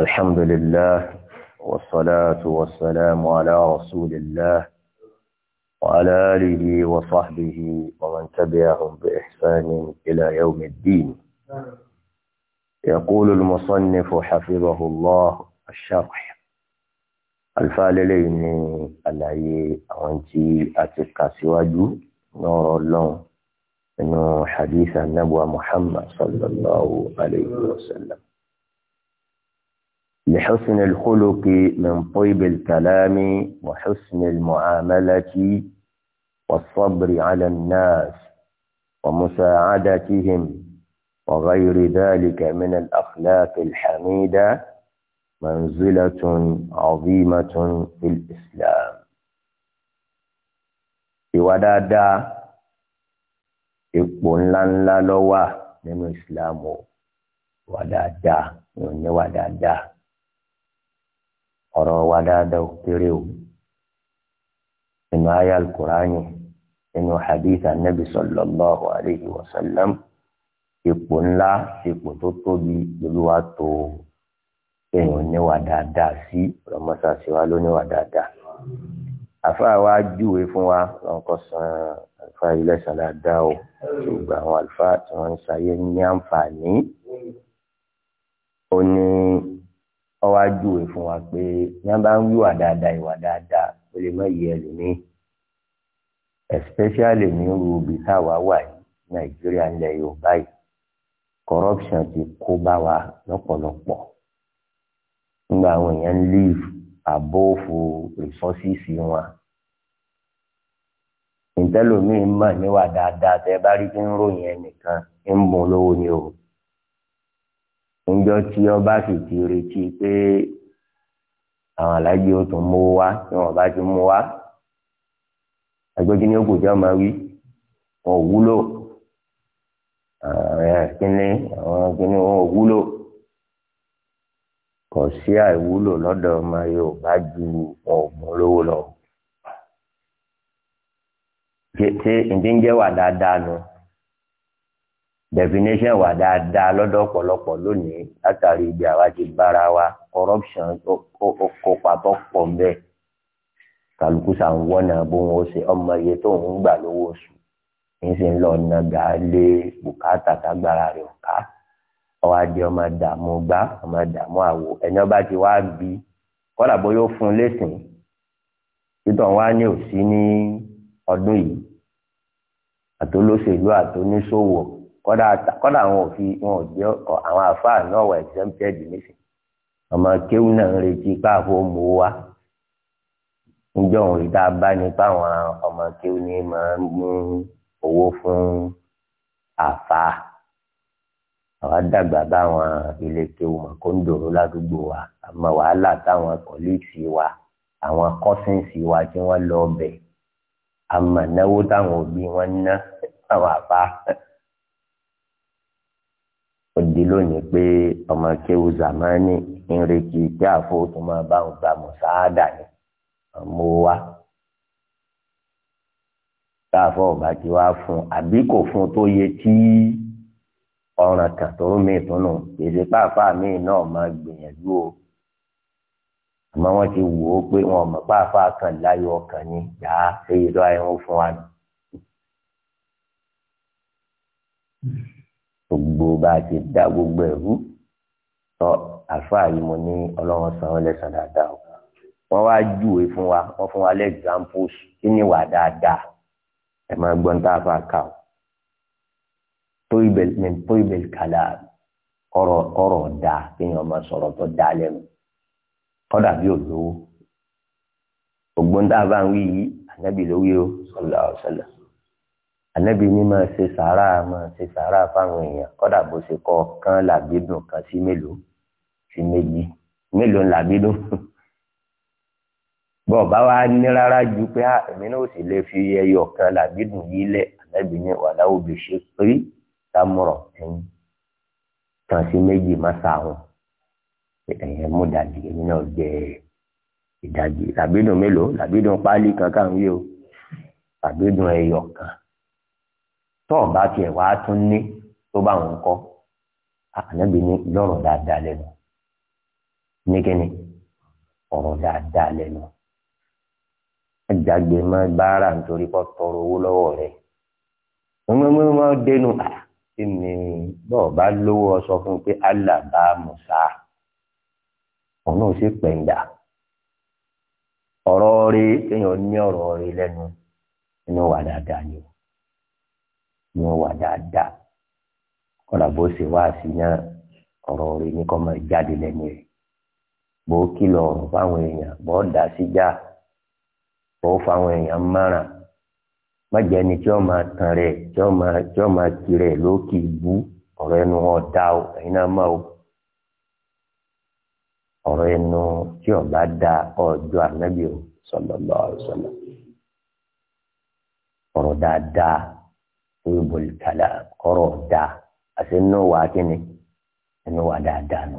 الحمد لله والصلاة والسلام على رسول الله وعلى آله وصحبه ومن تبعهم بإحسان إلى يوم الدين يقول المصنف حفظه الله الشرح الفاللين العي أنتي أتقى سواجو نور الله إنه حديث النبوة محمد صلى الله عليه وسلم لحسن الخلق من طيب الكلام وحسن المعاملة والصبر على الناس ومساعدتهم وغير ذلك من الأخلاق الحميدة منزلة عظيمة في الإسلام ودادا dáadáa لن ńláńlá من wà nínú ìsìláàmù ìwà ọ̀rọ̀ wa dáadáa ó kéré o nínú ayé alukurani nínú hadith anabi sallallahu alayhi wa sallam ipò ńlá ipò tó tóbi lórí wa tó èèyàn níwà dáadáa sí ọlọmọsàsì wa ló níwà dáadáa àfáà wa júwe fún wa lọ́nkọ́ san àlùfáà ilé sàládà o ṣùgbọ́n àwọn àlùfáà tí wọ́n ń ṣayé ní àǹfààní ó ní ọwọ́ ajúwe fún wa pé yẹn bá ń wíwà dáadáa ìwà dáadáa ó lè má yẹ ẹlòmíì especially ní rubi táwa wà ní nàìjíríà ńlẹ̀ yorùbá yìí corruption ti kó bá wa lọ́pọ̀lọpọ̀ nígbà àwọn èèyàn ń leave abófo resources wọn ìtẹ́lómi mà níwà dáadáa tẹ́ bá rí kí ń ròyìn ẹnìkan ń mú lówó ni o níjọ́ tí ọba sì ti retí pé àwọn alájí ó tún mú wá tí wọn bá ti mú wá agbẹ́gínní ó kò jẹ́ ọmọ wí wọn ò wúlò àwọn kínní àwọn kínní wọn ò wúlò kò sí àìwúlò lọ́dọ̀ ọmọ Yorùbá ju ọ̀gbọ́n lówó lọ. ṣé ǹjẹ́ ń jẹ́ wà dáadáa nu. No? definition wa dáadáa lọ́dọ̀ ọ̀pọ̀lọpọ̀ lónìí látàrí ibi àwa ti bára wa corruption ó kópa tó pọ̀ ń bẹ́ẹ̀ kálukú sàn wọ́nà bó wọn ó ṣe ọmọ iye tó ń gbà lówó oṣù ń ṣe ń lọ ọ̀nà gbà á lé bùkátà tágbára rẹ̀ ká ọwọ́ adé ọmọ dààmú gbá ọmọ dààmú àwò ẹni ọba ti wá bí kọ́lá bó yóò fún un lẹ́sìn títọ̀ wá ní òsí ní ọdún yìí àtolóṣèlú àtoníṣòwò kọ́dà kọ́dà àwọn òfin wọn ò jẹ́ àwọn àfáà náà wà exempted nísìn ọmọ kéwù náà ń retí káàfó mú wa níjọ́ òun ìta bá ní páwọn ọmọ kéwù ní máa ń mú owó fún àfáà àwa dàgbà báwọn ilé kéwù mọ̀ kó ń dòrò ládùúgbò wa àmọ́ wàhálà táwọn kọ̀líìsì wa àwọn kọ́sìnsì wa tí wọ́n lọ bẹ̀ àmọ̀ náwó táwọn òbí wọn ná àwọn àfáà ó di lónìí pé ọmọ kéwu zamani ń retí pé àfọ tó máa bá òun gba mùsáádà ni ọmọ wa káfọ ọba ti wá fún àbí kò fún tó yẹ tí ọ̀ràn kan tó mí ìtúnú èdè pàápàá míì náà máa gbìyànjú o àmọ́ wọ́n ti wò ó pé wọn ọmọ pàápàá kan láyọ̀ ọkàn ni yá èyí lọ ayé wọn fún wa nù gbogbo bá a ti dá gbogbo ẹ̀rú tọ́ àfáà yìí mo ní ọlọ́run san án lẹ́sàn dáadáa o wọ́n wá júwe fún wa wọ́n fún wa lẹ́gbàmpus kí ni wà dáadáa ẹ̀ máa gbọ́n tá a fà kà o tó ibẹ̀ kàlà ọ̀rọ̀ ọ̀rọ̀ da kéèyàn máa sọ̀rọ̀ tó da lẹ́nu kọ́dà bí olówó ògbóǹdà bá ń wí yìí ànábì o sọlá ọ̀sẹ̀lẹ̀ ànábì ní máa ṣe sàárà máa ṣe sàárà fáwọn èèyàn kọ́dà bó ṣe kọ́ kán làbídùn kan sí mélòó sí méjì mélòó làbídùn bọ́ bá wa ní rárá ju pé ah, èmi náà sì lè fi ẹyọ kan làbídùn yìí lẹ̀ ànábì ní wàláwò bè ṣe rí támúrọ̀ ẹ̀yìn kan sí méjì má sáwọn ẹ̀yìn mú dàbí èmi náà jẹ ìdajì làbídùn mélòó làbídùn páálí kankan yìí o làbídùn ẹyọ kan tó o bá tiẹ̀ wá tún ní tó bá wọn kọ́ ah, ànábì ní lọ́rọ̀ dáadáa lẹ́nu ní kíni ọ̀rọ̀ dáadáa lẹ́nu ẹ̀dàgbé máa báárà nítorí kọ́ tọrọ owó lọ́wọ́ rẹ̀ mímú máa dénú ah, kí ni bọ́ọ̀ lówó ọ fún pé Allah Musa òun náà sì pẹ̀ǹdà ọ̀rọ̀ rí kéèyàn ní ọ̀rọ̀ rí lẹ́nu inú wà dáadáa ni o. ni wọ́n wà dáadáa kọ́lá bó ṣe wá sí náà ọ̀rọ̀ rẹ̀ ní kọ́ máa jáde lẹ́nu rẹ̀ bó kìlọ̀ ọ̀rọ̀ fáwọn èèyàn bó dá síjà bó fáwọn èèyàn márùn májẹ ni tí wọ́n máa tàn rẹ̀ tí ma máa tí máa kiri lókè ẹnu wọn dá o ẹ̀yin náà máa o ẹnu tí sọlọ oyinbol kala kọrọ da àti inú wa kíni inú wa dáadáa nù.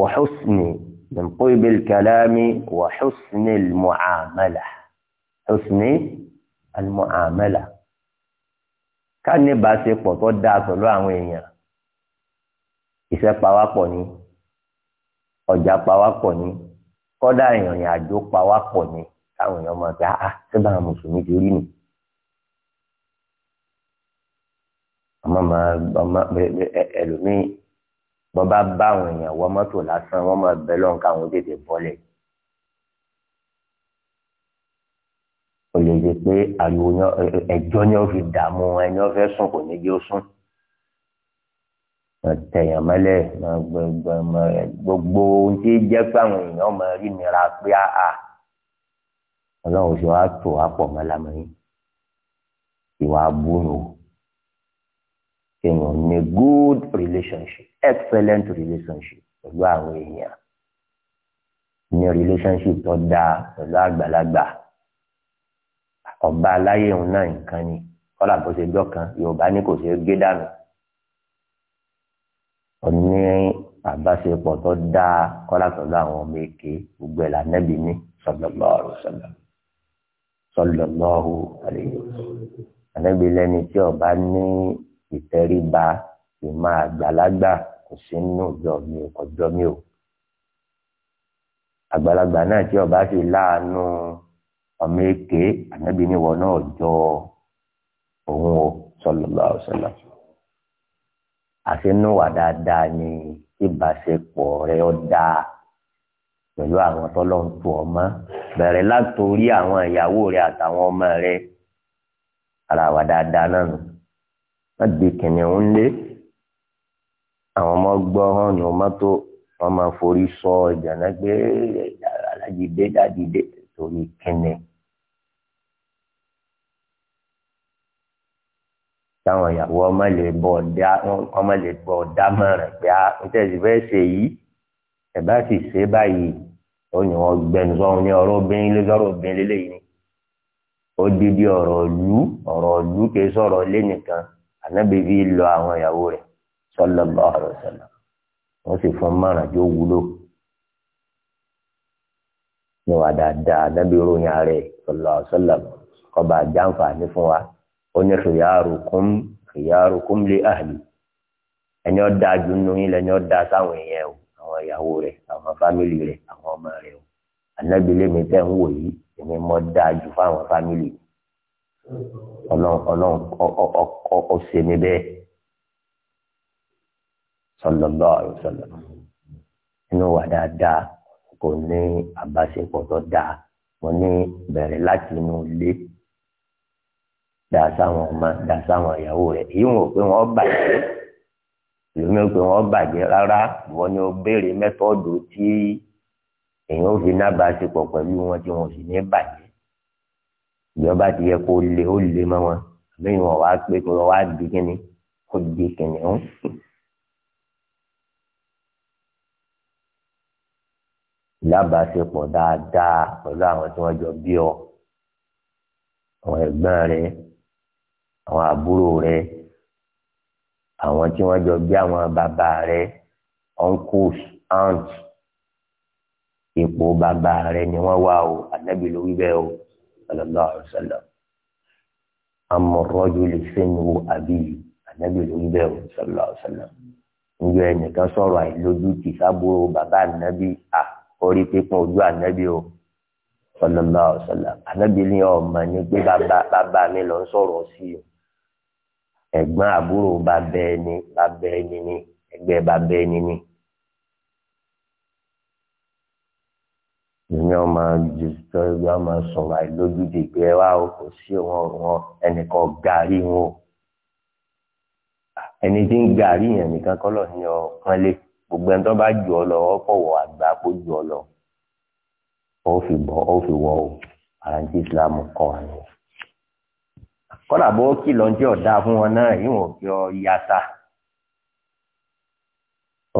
wa husni min toybil kalami wa husni almuamala husni almuamala ká ní ìbáṣepọ̀ tó dáa pẹ̀lú àwọn èèyàn iṣẹ́ pawápọ̀ ni ọjà pawápọ̀ ni kọ́dà ìrìn àjò pawápọ̀ ni káwọn èèyàn máa fi áá síbà ti rí nìyí. ọmọ máa ọmọ ẹlòmíì bọ́ bá bá àwọn èèyàn wọ mọ́tò lásán wọ́n máa bẹ lọ́n káwọn tètè bọ́lẹ̀. o lè jẹ pé ariwo ẹjọ́ ni ó fi dààmú ẹni ó fẹ́ sùn kò ní jẹ́ ó sùn. tẹ̀yàn mọ́lẹ̀ gbogbo ohun tí jẹ́ pé àwọn èèyàn máa rí nira pé àà ọlọ́run ṣe wá tò á pọ̀ mọ́ ìwà abúrò èèyàn ní good relationship excellent relationship pẹ̀lú àwọn èèyàn ní relationship tó dáa pẹ̀lú àgbàlagbà ọba aláyé òun náà nǹkan ni kọ́lá bó ṣe jọ́ kan yorùbá ní kò ṣe é gé dànù òní àbáṣepọ̀ tó dáa kọ́lá pẹ̀lú àwọn ọmọ èké gbogbo ẹ̀ lànàbí ní sallallahu alaihi wasallam sallallahu alaihi wasallam ànàbí lẹ́ni tí ọba ní ìtẹríba ìmọ̀ àgbàlagbà kò sí nínú ọjọ́ mi ò ọjọ́ mi ò àgbàlagbà náà tí ọba sì láàánú ọmọ èké ànábì ní wọn náà jọ òun o sallallahu alaihi wasallam àṣenúwà dáadáa ni ìbáṣepọ̀ rẹ ọ dáa pẹ̀lú àwọn tọ́lọ́hún tó ọmọ bẹ̀rẹ̀ látòrí àwọn ìyàwó rẹ àtàwọn ọmọ rẹ ara wa dáadáa náà nù wọ́n di kìnìún lé àwọn ọmọ gbọ́ ọ̀nà mọ́tò wọ́n máa forí sọ ìjànà gbé alájídé dádìdé torí kìnì. táwọn ìyàwó ọmọ lè bọ̀ dá ọmọ lè bọ̀ dámọ̀ràn pé a ń tẹ̀sí fẹ́ ṣe yìí ẹ̀ bá sì ṣe báyìí ó ní wọn gbẹnu sọhún ní ọ̀rọ̀ obìnrin lọ́rọ̀ obìnrin lélẹyìí ó dídí ọ̀rọ̀ ìlú ọ̀rọ̀ ìlú kì sọ̀rọ̀ ilé nìkan ànábì fi lọ àwọn ìyàwó rẹ̀ sallallahu alaihi wasallam wọ́n sì fún márùn àjò wúlò ní wa dáadáa ànábì ròyìn ààrẹ sallallahu alaihi wasallam kọba àjàǹfààní fún wa ó ní khiyarukum khiyarukum li ahli ẹni ó dáa jù nínú yín lẹni ó dáa sáwọn èèyàn o àwọn ìyàwó rẹ̀ àwọn fámìlì rẹ̀ àwọn ọmọ rẹ̀ o ànábì lèmi tẹ́ ń wò yìí èmi mọ́ dáa jù fáwọn fámìlì mi ọlọ́run ọlọ́run ọ̀sẹ̀ mi bẹ́ẹ̀ sallallahu alaihi wasallam inú wa dáadáa kò ní àbáṣepọ̀ tó dáa mo ní bẹ̀rẹ̀ láti inú ilé dá sáwọn ọmọ dáa sáwọn ìyàwó rẹ̀ èyí wọn ò pé wọ́n bàjẹ́ lómi ò pé wọ́n bàjẹ́ rárá wọ́n ní ó béèrè mẹ́tọ́ọ̀dù tí èèyàn ò fi náà bá pẹ̀lú wọn tí wọn ò sì ní bàjẹ́ ìjọba ti yẹ kó lé ó lé mọ́ wọn lẹ́yìn wọn wá pé kó lọ wá di kíni kó di kíni ó. lábàáṣepọ̀ dáadáa pẹ̀lú àwọn tí wọ́n jọ bí ọ àwọn ẹ̀gbọ́n rẹ àwọn àbúrò rẹ àwọn tí wọ́n jọ bí àwọn bàbá rẹ uncles aunts ipò bàbá rẹ ni wọ́n wà o ànábì bẹ́ẹ̀ o sallallahu alaihi wasallam amọ̀rọ́jú lè fẹ́nu àbí ànábì lórí bẹ́ẹ̀ o sallallahu alaihi wasallam ǹjẹ́ ẹnìkan sọ̀rọ̀ àìlójú ti sábúrò bàbá ànábì à orí pípọ̀ ojú ànábì o sallallahu alaihi wasallam ànábì ní ọmọ ní pé bàbá mi lọ sọ̀rọ̀ sí o ẹ̀gbọ́n àbúrò bàbá ẹni bàbá ẹni ni ẹgbẹ́ bàbá ẹni ni. mùsùlùmí ọmọ jùsọ ìgbà máa sọ̀rọ̀ àìlójúde pé ẹ wá kò sí wọn wọn ẹnìkan gàrí wọn o ẹni tí ń gàrí yẹn nìkan kọ́lọ̀ ní ọ pọ́nlé gbogbo ẹni tó bá jù ọ lọ ọ fọwọ́ àgbà kó jù ọ lọ ọ fi bọ̀ ọ fi wọ̀ o àràǹtí Islam kọ́ wa ni kọ́lá bó kìlọ̀ ń tí ọ̀dà fún wọn náà ìwọ̀n kí ọ yasa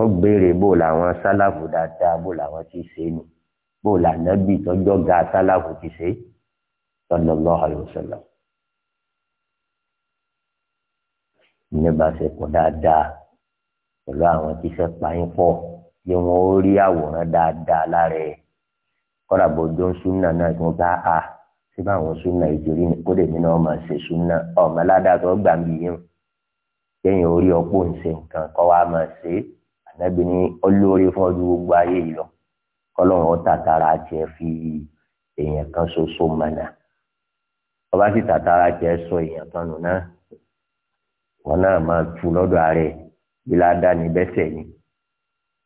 ọ gbére bó làwọn sálàfù dáadáa bó làwọn ti ṣe nìyí bó lànàbì tọjọ ga sálàkù ti ṣe sallallahu alaihi wasallam. ìyẹn bá ṣe pọ̀ dáadáa pẹ̀lú àwọn tí fẹ́ pààyàn pọ̀ bí wọn ó rí àwòrán dáadáa lára ẹ̀ kọ́ra bọ́jọ́ súnà náà tí wọ́n bá a ṣé báwọn súnà ìjòrí ni kódé mi náà máa ṣe súnà ọmọ aládàá tó gbà mí yẹn kéèyàn orí ọ̀pọ̀ ń ṣe nǹkan kọ́ wa máa ṣe ànábì kọlọ́run tàtàrà jẹ́ fi èèyàn kan ṣoṣo mọ̀nà ọba sì tàtàrà jẹ́ sọ èèyàn kan nù náà wọn náà máa tu lọ́dọ̀ ààrẹ bí ládàáni bẹ́sẹ̀ ni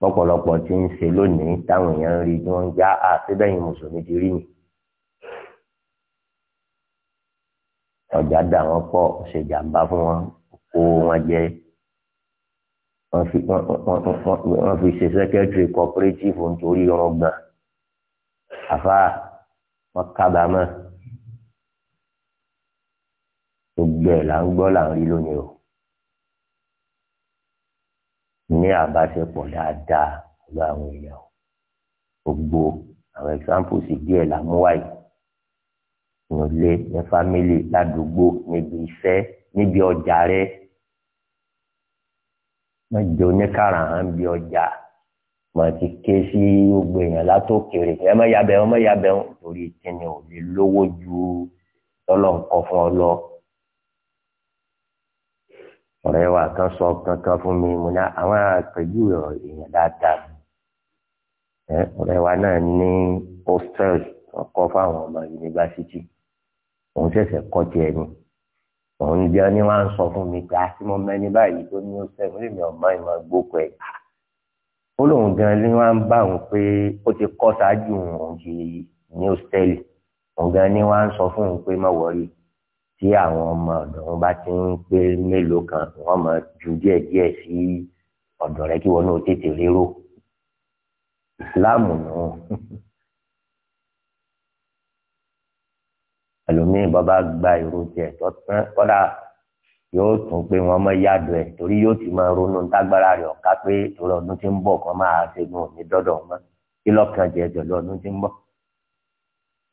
ọ̀pọ̀lọpọ̀ tí ń ṣe lónìí táwọn èèyàn ń rí tí wọ́n ń já àṣebẹ́yìn mùsùlùmí ti rí ni. ọjà dà wọ́n pọ̀ ṣèjàmbá fún wọn kó wọn jẹ́ wọ́n fi ṣe sẹ́kẹ́tìrì cooperative nítorí ọ̀rọ̀gbọ̀n àfa wọ́n kábàámọ̀ gbogbo ẹ̀ là ń gbọ́ là ń rí lónìí o ní àbáṣepọ̀ dáadáa pẹ̀lú àwọn èèyàn gbogbo àwọn examples díẹ̀ là mú wáyé ìrọ̀lẹ́ ní fámílì ládùúgbò níbi iṣẹ́ níbi ọjà rẹ̀ mẹjọ oníkàràhàn bí ọjà mà ti ké sí gbogbo èèyàn látòkèrè ẹ má yabẹ ọ má yabẹ torí kíni ò lè lówó ju tọlọ fún ọ lọ. ọ̀rẹ́ wa kan sọ kankan fún mi mo ní àwọn àpèjúwe èèyàn dáadáa ọ̀rẹ́ wa náà ní hostel ọkọ fáwọn ọmọ yunifásitì òun ṣẹ̀ṣẹ̀ kọ́ tiẹ̀ ni òun jẹ́ ni wọ́n á sọ fún mi pé àti ah, mo mẹ́ni báyìí tó ní ó sẹ́yìn lèmi ọ̀mọ́ ìmọ̀ gbókò ẹ̀ ah, ó lóun gan ni wọ́n á bá òun pé ó ti kọ́ ṣáájú òun ti ní hòtẹ́ẹ̀lì òun gan ni wọ́n á sọ fún òun pé má wọrí tí àwọn ọmọ ọ̀dọ̀ wọn bá ti ń pé mélòó kan wọ́n máa ju díẹ̀díẹ̀ sí ọ̀dọ̀ rẹ kí wọn náà tètè rérò ìsìláàmù náà ẹlòmíì bàbá gba èrò tiẹ̀ tọ́tán kọ́dà yóò tún pé wọn mọ yàdọ̀ ẹ̀ torí yóò ti máa ronú tágbára rẹ̀ ọ̀ká pé tòrọ ọdún tí ń bọ̀ kan máa ṣẹ́gun òní dọ́dọ̀ ọmọ kí lọ́kàn jẹ tòrọ ọdún tí ń bọ̀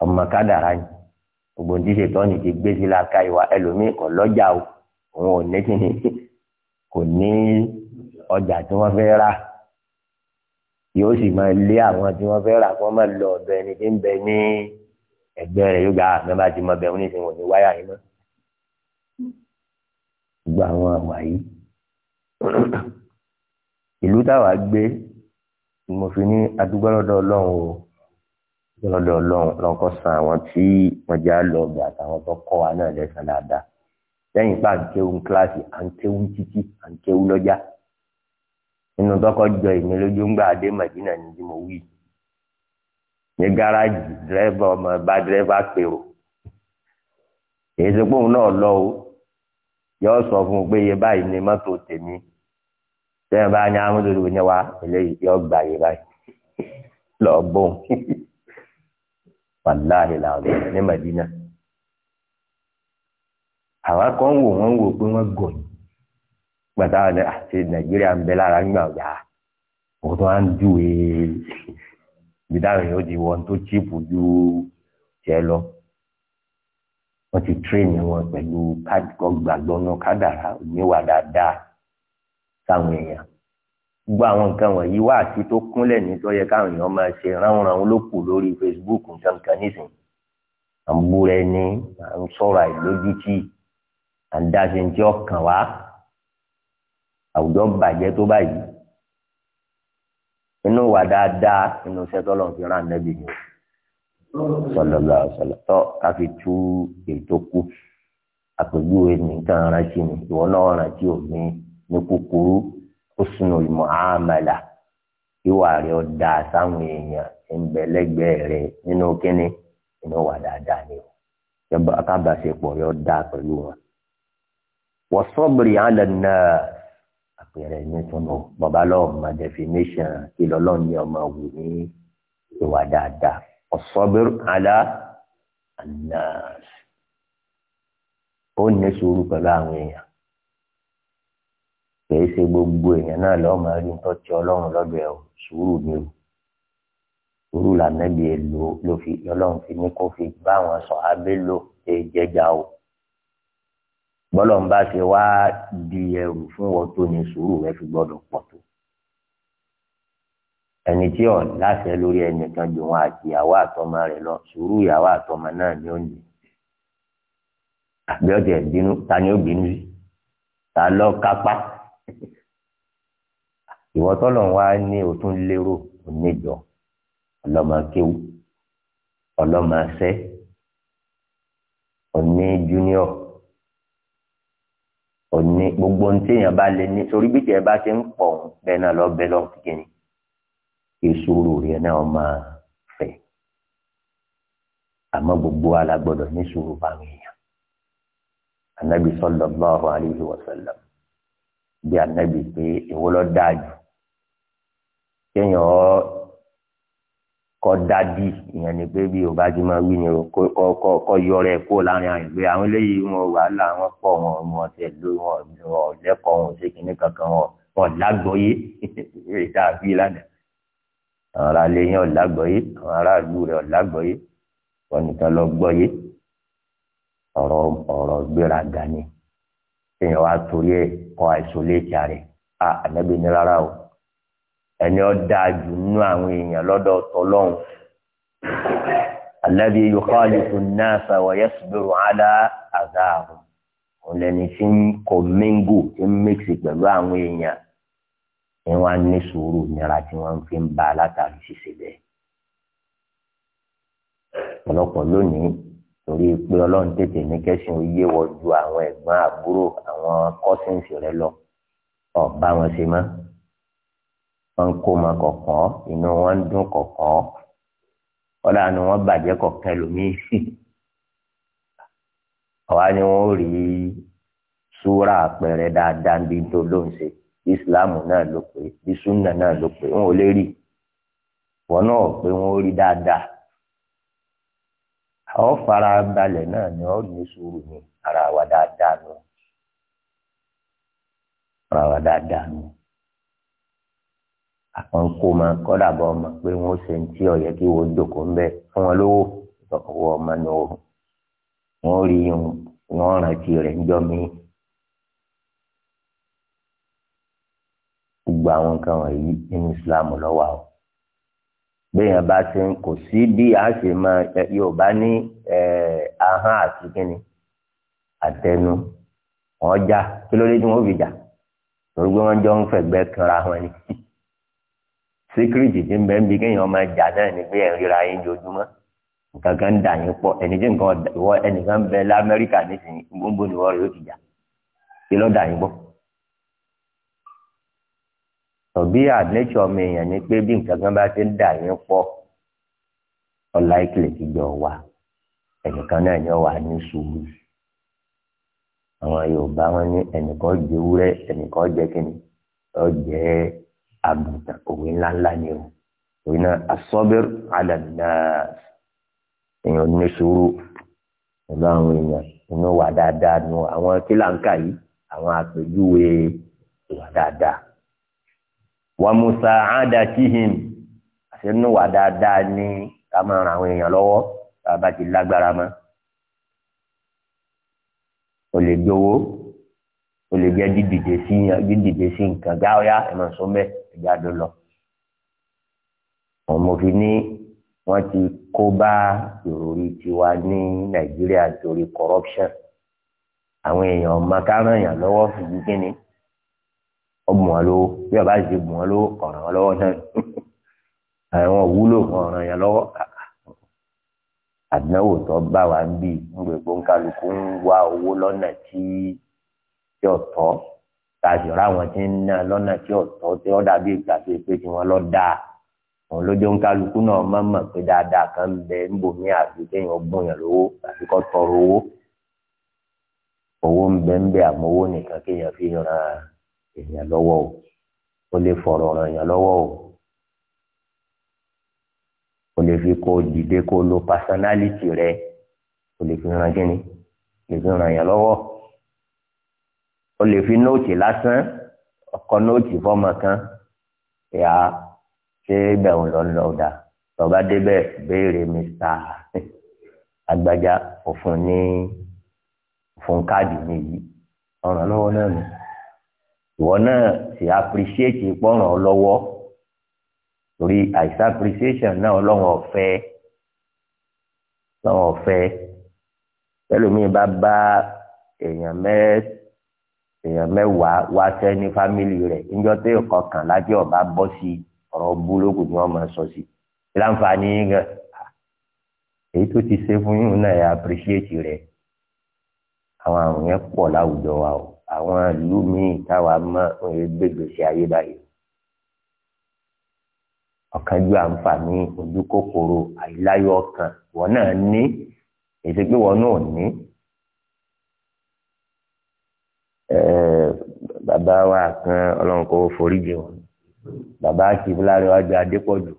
ọmọ kádàrá ni gbogbo ní ṣe tọ́ni ti gbé sí laka ìwà ẹlòmíì kọ̀ lọ́jà o òun ò ní kíni kò ní ọjà tí wọ́n fẹ́ rà yóò sì máa lé àwọn tí wọ́n fẹ́ rà kó máa lọ ọ̀dọ̀ ẹni tí ń bẹ ní ẹgbẹ́ rẹ̀ yóò gbà á mẹ́fà ti mọ bẹ́ẹ̀ oníṣẹ́ wọn ní wáyà yìí náà gbogbo àwọn àwà yìí ìlú táwa gbé mo fi ní adúgbò lọ́dọ̀ ọlọ́run o lọ́dọ̀ ọlọ́run lọ́kọ́ san àwọn tí wọ́n já lọ ọgbà àtàwọn tó kọ́ wa náà lẹ́sàn dáadáa lẹ́yìn pa àǹkéwu kíláàsì àǹkéwu títí àǹkéwu lọ́jà nínú tọkọ jọ ìmẹ́lódún gbà dé màdínà ní mo wí yìí ní gáràjì dírẹ́fà ọmọ bá dírẹ́fà pèrò èyí tó pòun náà lọ o yọ sọ fún un pé iye báyìí ni mọ́tò tèmi tẹ́yìn bá ní amúdòdò ah, ní wa eléyìí yọ gbà yé báyìí lọ bóun wàláhì làwọn ní Madina àwa kan wò wọ́n wò pé wọ́n gọ̀ ní gbàtà ah, àti Nàìjíríà ń bẹ lára ń gbà ọ̀gá òun tó wá ń júwèé ibi táwọn èèyàn ti wọ́n tó chíìpù ju tiẹ̀ lọ wọ́n ti tírèèni wọn pẹ̀lú gbàgbọ́ náà kádàrá òníwà dáadáa sáwọn èèyàn gbogbo àwọn nǹkan wọ̀nyí wá àti tó kúnlẹ̀ ní tó káwọn èèyàn máa ṣe ránranran ló lórí Facebook nǹkan kan nísìnyí à ń búra ẹni à ń sọ̀rọ̀ àìlójútì à ń dáṣe ní tí ọkàn wá àwùjọ bàjẹ́ tó báyìí inú wà dáadáa inú sẹ́tọ́lọ̀ fi rán nẹ́bí ni sọlọ́lá sọlọ́tọ́ káfi tú ètò kù àpèjúwe nìkan rántí ni ìwọ náà rántí òní ní kúkúrú ó sùn ìmọ̀ àmàlà ìwà rẹ̀ ó dáa sáwọn èèyàn ń bẹ nínú kínní inú wà dáadáa ni o akábàṣepọ̀ rẹ̀ ó pẹ̀lú wọn. wọ́n sọ́bìrì àlẹ́ náà àpẹẹrẹ nítorí bàbá lọ́wọ́ ma definition kí lọ́lọ́run ní ọmọ wù ní ìwà dáadáa ọ̀sọ́bẹ̀rù àlá ànáàsì ó ní sùúrù pẹ̀lú àwọn èèyàn kìí ṣe gbogbo èèyàn náà lọ́wọ́ máa rí tó ti ọlọ́run lọ́dọ̀ ẹ̀ sùúrù ni o sùúrù lànàbí èlò ló fi ọlọ́run fi ní kó fi bá àwọn sọ abẹ́ lò ṣe jẹjà o bọ́lọ̀ ń bá ṣe wá di ẹrù fún wọn tó ní sùúrù rẹ fi gbọ́dọ̀ pọ̀ tó ẹni tí ọ̀ láṣẹ lórí ẹnìkan jù wọn àti ìyàwó àtọmọ rẹ lọ sùúrù ìyàwó àtọmọ náà ni ó ní àbí ọ̀tẹ̀ bínú ta ni ó bínú sí ta lọ kápá ìwọ tọ́lọ̀ wá ní òtún lérò oníjọ ọlọ́mọkéwú ọlọ́mọṣẹ́ oní júnior kò ní gbogbo ohun tí èèyàn bá lè ní torí bí tiẹ̀ bá ti ń pọ̀ bẹ́ẹ̀ náà lọ bẹ́ẹ̀ lọ kíkìnì kí sùúrù rẹ̀ náà máa fẹ̀ àmọ́ gbogbo alágbọ́dọ̀ ní sùúrù báwọn èèyàn anabi sallallahu alayhi wa sallam bí anabi pé èwo ló dáa jù kéèyàn kọ́ dadi ìyẹn ni pé bí Yorùbá ti máa wí ni o kọ́ kọ́ yọrẹ kó láàrin àyè pé àwọn eléyìí wọn wàhálà wọn pọ̀ wọn wọn tẹ̀ ló wọn wọn lẹ́kọ̀ọ́ wọn ṣe kínní kankan wọn wọn lágbọ́yé ìta àbí lánàá àwọn ará ilé yẹn ọ̀làgbọ́yé àwọn ará ìlú rẹ̀ wọn nìkan lọ gbọ́yé ọ̀rọ̀ ọ̀rọ̀ gbéraga ni èèyàn wá torí ẹ̀ kọ́ àìsólé ìjà rẹ̀ à ànábì rárá o ẹni ọ̀dà jù nínú àwọn èèyàn lọ́dọ̀ tọ́lọ́hún. alladhi yukhalifu an-nasa wa yasbiru ala adhahum òun lẹni tí ń kọ mẹ́ngò tí ń mẹ́kìsì pẹ̀lú àwọn èèyàn ni wọ́n á ní sùúrù nira tí wọ́n fi ń ba látàrí ṣiṣẹ́ bẹ́ẹ̀. ọ̀pọ̀lọpọ̀ lónìí torí pé ọlọ́run tètè ní kẹ́sìn oyé wọ ju àwọn ẹ̀gbọ́n àbúrò àwọn kọ́sìnsì rẹ lọ ọ̀ bá wọn ṣe mọ́. wọn kó ma kọ̀kan inú wọn ń dún ni wọn bàjẹ́ kọ̀kan lómii àwa ni wọ́n rí súra àpẹẹrẹ dáadáa bí tó ló ń islam náà ló pé bí náà ló pé wọn ò lè rí wọn náà pé wọn fara balẹ̀ náà ni ní sùúrù ní ara wa dáadáa àwọn kó ma kọ́dà bọ́ ọmọ pé wọ́n ṣe ń tí ọ̀yẹ́ kí wọ́n jòkó ń bẹ́ fún wọn lówó ọwọ́ ọmọ ní o wọ́n rí wọn rántí rẹ̀ ń jọ mí. gbogbo àwọn nǹkan wọ̀nyí nínú Islam lọ́wọ́ àwọn béèyàn bá ti ń kò sí bí a ṣe máa Yorùbá ní ahọ́n àti kínní àtẹnu wọn já kí ló dé tí wọn fi jà torí pé wọn jọ ń fẹ̀gbẹ́ kanra wọn ni. síkírìtì tí ń bẹ ń bi kéèyàn máa jà náà ni pé ẹ̀ ń ríra yín jojúmọ́ nǹkan kan dà yín pọ̀ ẹni tí nǹkan wọ ẹnìkan bẹ lamẹ́ríkà nísìnyí gbogbo ni wọ́n rẹ̀ yóò ti jà kí ló dà yín pọ̀. tọ̀bí àdéhùn ọmọ èèyàn ni pé bí nǹkan kan bá ti ń dà yín pọ̀ ọ̀la ìkìlẹ̀ ti jọ wà ẹnìkan náà ni ó wà ní sùúrù àwọn Yorùbá wọn ní ẹnìkan jẹ ewúrẹ́ ẹnìkan jẹ kíni ó àgùntàn òwe ńláńlá ni o òwe náà asọ́bẹ̀r alàdínàs èèyàn ní sùúrù pẹ̀lú àwọn èèyàn inú wà dáadáa nu àwọn kílàǹkà yìí àwọn àpèjúwe ìwà dáadáa wà musa àdàkìhìn àṣẹnú wà dáadáa ní ká máa ran àwọn èèyàn lọ́wọ́ tá a bá ti lágbára mọ́ o lè gbowó o lè jẹ́ dídìde sí nǹkan gáọ́yá ẹ̀ máa sọ mẹ́ẹ̀ ẹ̀já ló lọ. wọn mo fi ní wọn ti kó bá ìròrí tiwa ní nàìjíríà torí corruption àwọn èèyàn ọmọ kárán èèyàn lọ́wọ́ fìdí kínní ọgbọ̀n wọn lówó bí ọba sì gbọ̀n wọn lówó ọ̀ràn wọn lọ́wọ́ náà àwọn wúlò fún ọ̀ràn yẹn lọ́wọ́ àdánwò tó bá wa ń bì ń gbègbó ń kálukú ń wá owó lọ́nà tí yóò tọ́ tààjọ ráwọn tí ń ná lọ́nà tí ọ̀tọ̀ tí ó dàbí ìgbà tó pé tí wọ́n lọ dáa òun lójó ń kálukú náà má mọ̀ pé dáadáa kan ń bẹ ń bò ní àfi kéèyàn ọgbọ́n yàn lówó àfi kọ́ tọrọ owó owó ń bẹ ń bẹ àmọ́ owó nìkan kéèyàn fi ran èèyàn lọ́wọ́ o ó lè fọ̀rọ̀ ràn èèyàn lọ́wọ́ o ó lè fi kó dìde kó lo personality rẹ ó lè fi ran kíni lè fi ran èèyàn lọ́wọ́ o lè fi nóòtì lásán ọkọ nóòtì fọmọ kan ìyá ṣé ibẹ̀ ń lọ lọ dà tọba débẹ̀ béèrè mr agbájá òfun ní òfun káàdì mi yìí ọ̀ràn lọ́wọ́ náà nù ìwọ náà sì appreciate pọ̀ràn lọ́wọ́ torí àìsàn appreciation náà ọlọ́run ọ̀fẹ́ ọlọ́run ọ̀fẹ́ tẹlómi bá bá èèyàn mẹ́ẹ̀ẹ́ èèyàn mẹ́wàá wá sẹ́ ní fámìlì rẹ̀ níjọ́ tó yẹ kọkàn láti ọba bọ́ sí ọ̀rọ̀ búlókù ni wọ́n máa sọ sí láǹfààní gan èyí tó ti ṣe fún yín náà ẹ apírísíétì rẹ̀ àwọn àrùn yẹn pọ̀ láwùjọ wa o àwọn ìlú míì táwa mọ òye gbègbèsè ayé báyìí ọ̀kan ju àǹfààní ojú kòkòrò àìláyọ̀ ọkàn wọn náà ní èsì pé wọn náà ní bàbá wa kan ọlọ́run kò foríjì wọn bàbá kìbílà rẹ̀ wájú adépọ̀jù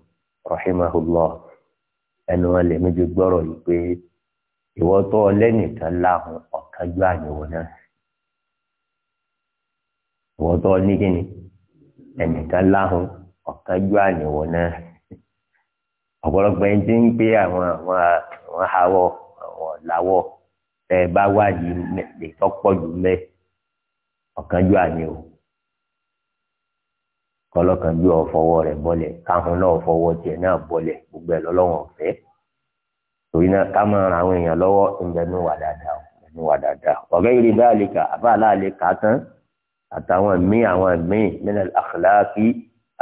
rahimahullah ẹnu wọn lè méjì gbọ́rọ̀ yìí pé ìwọ tó ọlẹ́nìkan láhùn ọ̀kanjú àyẹ̀wò náà ìwọ tó oníkíni ẹnìkan láhùn ọ̀kanjú àyẹ̀wò náà ọ̀pọ̀lọpọ̀ ẹni tí ń pé àwọn àwọn àwọn àwọ̀ àwọn làwọ̀ ẹ bá wà yìí lè tọ́pọ̀ jù mẹ́ẹ̀ ọ̀kánjú àní o kọlọ́kánjú ọ̀fọwọ́ rẹ̀ bọ́lẹ̀ káhùn náà fọwọ́ tiẹ̀ náà bọ́lẹ̀ gbogbo ẹ̀ lọ́lọ́wọ́n ọ̀fẹ́ torí náà ká máa ran àwọn èèyàn lọ́wọ́ ìgbẹ́nu wà dáadáa ìgbẹ́nu wà dáadáa ọ̀gá ìrì bá àlè kà àbá àlàálè kà á tán àtàwọn míì àwọn míì min al-akhlaqi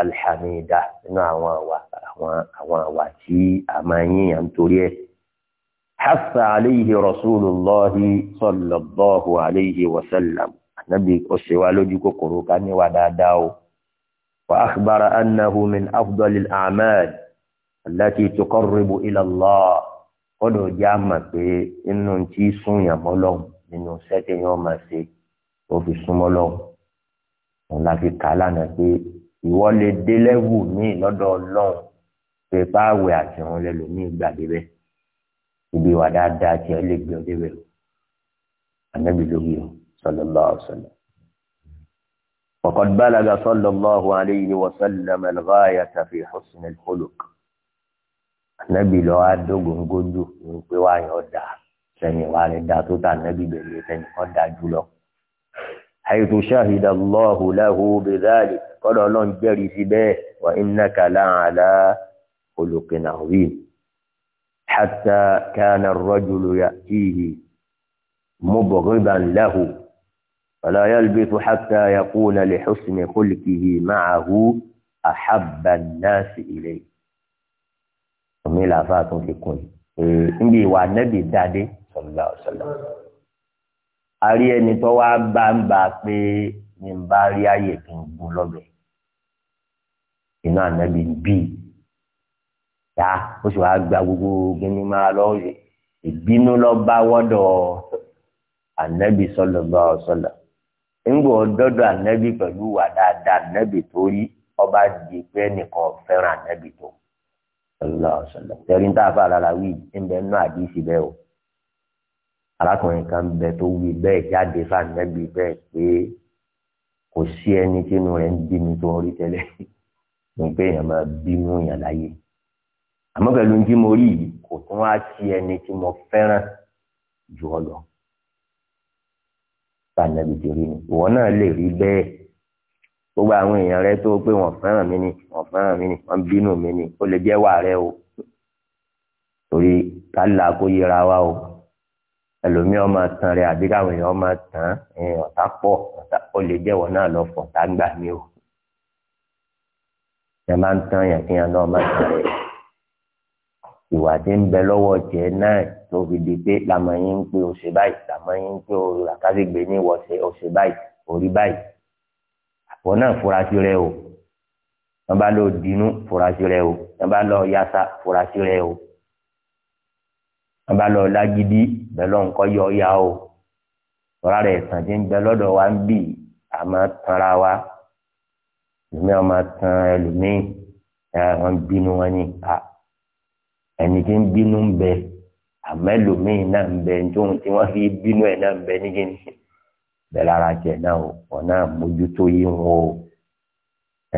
alhamida nínú àwọn àwà àwọn àwọn àwà tí a máa yíyan torí ẹ̀ hasa alayhi rasulullahi sallallahu alayhi wa sallam ànábì ó ṣe wá lójú kòkòrò ká níwà dáadáa o. wa akhbara annahu min afdalil a'mal allati tuqarribu ila Allah kọ́dọ̀ jẹ́ àmọ̀ pé inú tí súnyàn mọ́lọ́hùn nínú sẹ́tẹ̀ yẹn ọmọ ṣe tó fi súnmọ́ lọ́hùn. òun la fi kà á lánàá pé ìwọ lè dé lẹ́wù míì lọ́dọ̀ ọlọ́hùn pé báwẹ̀ àti òun lè lò ní ìgbà débẹ̀ ibi wà dáadáa tí ẹ lè gbé ọ débẹ̀ ànábì صلى الله عليه وسلم وقد بلغ صلى الله عليه وسلم الغاية في حسن الخلق النبي لو أدوغن قدو من قوان يودع سمي وعلى داتوتا النبي بلي سني قدع جلو حيث شهد الله له بذلك قال لن جري سبيه وإنك على خلق عظيم حتى كان الرجل يأتيه مبغضا له ولا يلبث حتى يكون لحسن خلقه معه أحب الناس إليه omi làáfà tó fi kún yìí níbi ìwà nẹ́bì dáadé sọlá ọ̀sọ̀lá a rí ẹni tó wá bá ń bá a pé ní n bá rí ààyè kí n gun lọ́bẹ̀ iná nẹ́bì bí ta ó sì wá gba gbogbo gíní máa lọ ìbínú lọ bá wọ́dọ̀ ànẹ́bì sọlá ọ̀sọ̀lá ńgbọ dọdọ ànábì pẹ̀lú wà dáadáa ànábì tó rí ọba di pé nìkan fẹ́ràn ànábì tó ọlọsọlọ tẹrí ń tàfà lára wí ńbẹ nínú àdìsí bẹ́ẹ̀ o arákùnrin kan bẹ tó wí bẹ́ẹ̀ jáde fún ànábì bẹ́ẹ̀ pé kò sí ẹni tínú rẹ̀ ń bínú tó ń rí mo pé èèyàn máa bínú yàn láyé àmọ́ pẹ̀lú tí mo rí yìí kò tún wá sí ẹni tí mo fẹ́ràn jù ọ lọ bá nàbì ti rí ni ìwọ náà lè rí bẹ́ẹ̀ gbogbo àwọn èèyàn rẹ tó pé wọ́n fẹ́ràn mi ni wọ́n fẹ́ràn mi ni wọ́n bínú mi ni ó lè jẹ́ wà rẹ o torí kálá kó yẹra wa o ẹlòmíràn máa tàn rẹ àbí káwọn èèyàn máa tàn ọ̀tá pọ̀ ó lè jẹ́ wọ́n náà lọ fọ̀tá gbà mí o ẹ máa ń tàn yàn kí yàn náà máa tàn rẹ ìwà tí ń bẹ lọ́wọ́ tiẹ̀ náà tó fi di pé làmọ̀yìn ń pé òṣè báyìí làmọ̀yìn ń pé làkàgbègbè ní ìwọ̀sẹ̀ òṣè báyìí orí báyìí àpò náà furasí rẹ o wọn bá lọ dínú furasí rẹ o wọn bá lọ yasa furasí rẹ o wọn bá lọ lágídí bẹ́ẹ̀ lọ́n kọ́ yọ ya o tọ́ra rẹ̀ tàn tí ń bẹ lọ́dọ̀ wa ń bì àmọ́ tanra wa ẹlòmíràn máa tan ẹlòmíì ẹ wọn bínú wọn ní ká ẹni tí ń bínú ń bẹ àmẹ́lòmíì náà ń bẹ nítorí tí wọ́n fi bínú ẹ̀ náà ń bẹ ní kíni bẹ́ẹ̀ lára tiẹ̀ náà ọ̀ náà mójútó yí wọn o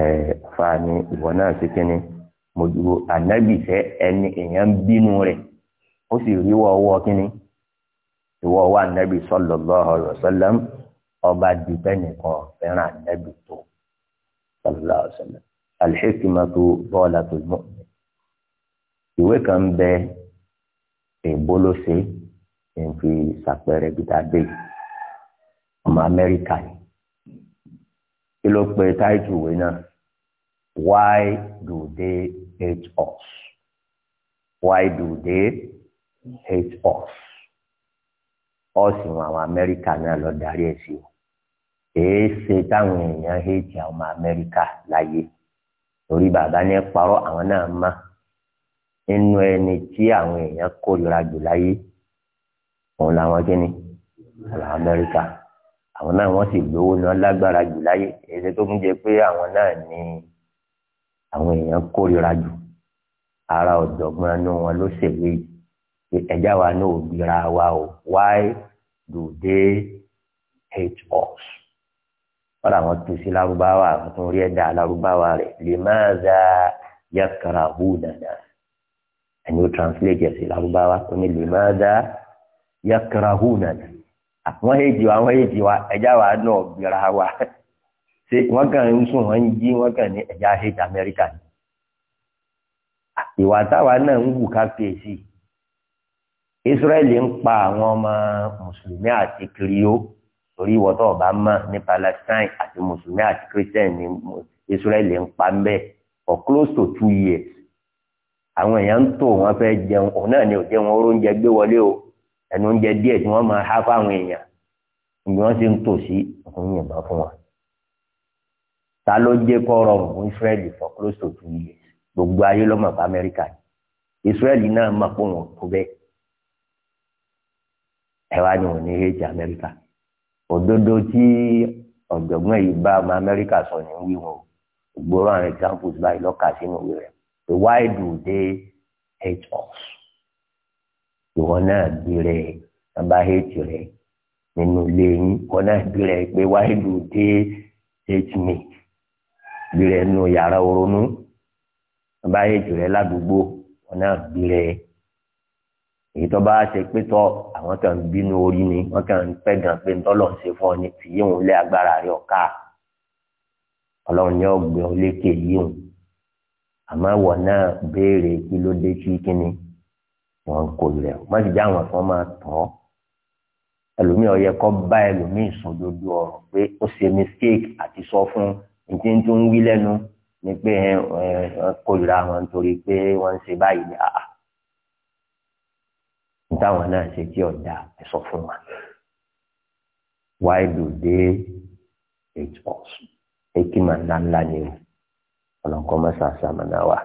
ẹ̀ fani ìwọ náà ṣe kíni mójútó ànábìsẹ́ ẹni èèyàn ń bínú rẹ̀ ó sì rí wọ́ ọwọ́ kíni ìwọ wa nẹ́bí sallallahu alaihi wasallam ọba dìbẹ́ nìkan fẹ́ràn nẹ́bí tó sallallahu alaihi wasallam al-hikmatu dalatul mu'min. ìwé kan ń bẹ ìbólóṣe nfi sapere ṣàpẹẹrẹ ọmọ amẹ́ríkà ni ló pe táìtù ìwé náà why do they hate us why do they hate us ọ̀sì wọn àwọn amẹ́ríkà náà lọ darí sí o èé ṣe táwọn èèyàn hate àwọn láyé torí bàbá ní parọ́ àwọn náà nínú ẹni tí àwọn èèyàn kórìíra jù láyé òun làwọn kíni àwọn amẹ́ríkà àwọn náà wọ́n sì lówó náà lágbára jù láyé èyí tó ń jẹ pé àwọn náà ní àwọn èèyàn kórìíra jù ara ọ̀jọ̀gbọ́n inú wọn ló ṣèwé ẹ̀já wa náà ò gbéra wa o why do they hate us? wọ́n làwọn tu sí lárúbáwá àwọn tó ń rí ẹ̀dá lárúbáwá rẹ̀ lè má za yàkàrà hù dáadáa ẹni ó translate ẹ̀sìn lárúbáwá ó ní lè máa dá yakrahuna àwọn èjì wa àwọn èjì wa ẹja wa náà gbéra wa ṣe wọ́n kàn ń sùn wọ́n ń jí wọ́n kàn ní ẹja hate America ni ìwà táwa náà ń wù ká fèsì Israẹli ń pa àwọn ọmọ mùsùlùmí àti kiriyó torí ìwọ tó bá mọ̀ ní Palestine àti mùsùlùmí àti Christian ní Israẹli ń pa ń bẹ for close to two years àwọn èèyàn ń tò wọ́n fẹ́ jẹun òun náà ni ò jẹ́ wọn oúnjẹ gbé wọlé o ẹnu oúnjẹ díẹ̀ tí wọ́n máa há fáwọn èèyàn ìgbì wọ́n sì ń tò sí òun yìnbọn fún wọn. ta ló jẹ́ kó rọrùn fún Israẹli for close to two years gbogbo ayé lọ́mọ fún Amẹ́ríkà Israẹli náà mọ̀ pé wọn kò bẹ́ẹ̀ ẹ wá ní òun ní hẹ́ẹ̀tì Amẹ́ríkà òdodo tí ọ̀jọ̀gbọ́n yìí bá ọmọ Amẹ́ríkà sọ ní wíwọ̀n gbogbo àwọn examples báyìí lọ́kà sínú ìwé rẹ̀ So why do they hate us? Ìwọ náà bèrè nàbà hate rẹ nínú ilé yín. Ìwọ náà bèrè pé why do they hate me? Bèrè nù yàrá oronú. Nàbà hate rẹ ládùúgbò. Ìwọ náà bèrè. Èyí tó bá ṣe pé tọ́ àwọn kan bínú orí ni wọ́n kàn ń pẹ́ gan pé ntọ́lọ̀ ń ṣe fún ọ ní tìyíhùn lé agbára rẹ̀ ọ̀ka. Ọlọ́run ní ọ̀gbìn olékè yíhùn àmọ́ ìwọ náà béèrè kí ló dé sí kínní wọn kò lẹ̀ má sì já àwọn kan máa tọ́ ẹlòmíì ó yẹ kó bá ẹlòmíì sòdodo ọ̀rọ̀ pé ó ṣe mistake àti sọ fún ntí tó ń wí lẹ́nu ni pé ẹ kórìíra wọn nítorí pé wọ́n ń ṣe báyìí ní àá táwọn náà ṣe kí ọ̀dà ẹ sọ fún wa why do they hate us? ekima ńláńlá ni o ọlọ́nkọ́ mẹ́sà sàmànà wa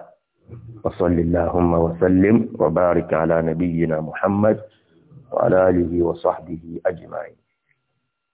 wasalli allahumma wasallim wa barika ala nabiyyina muhammad wa ala alihi wa sahbihi ajma'in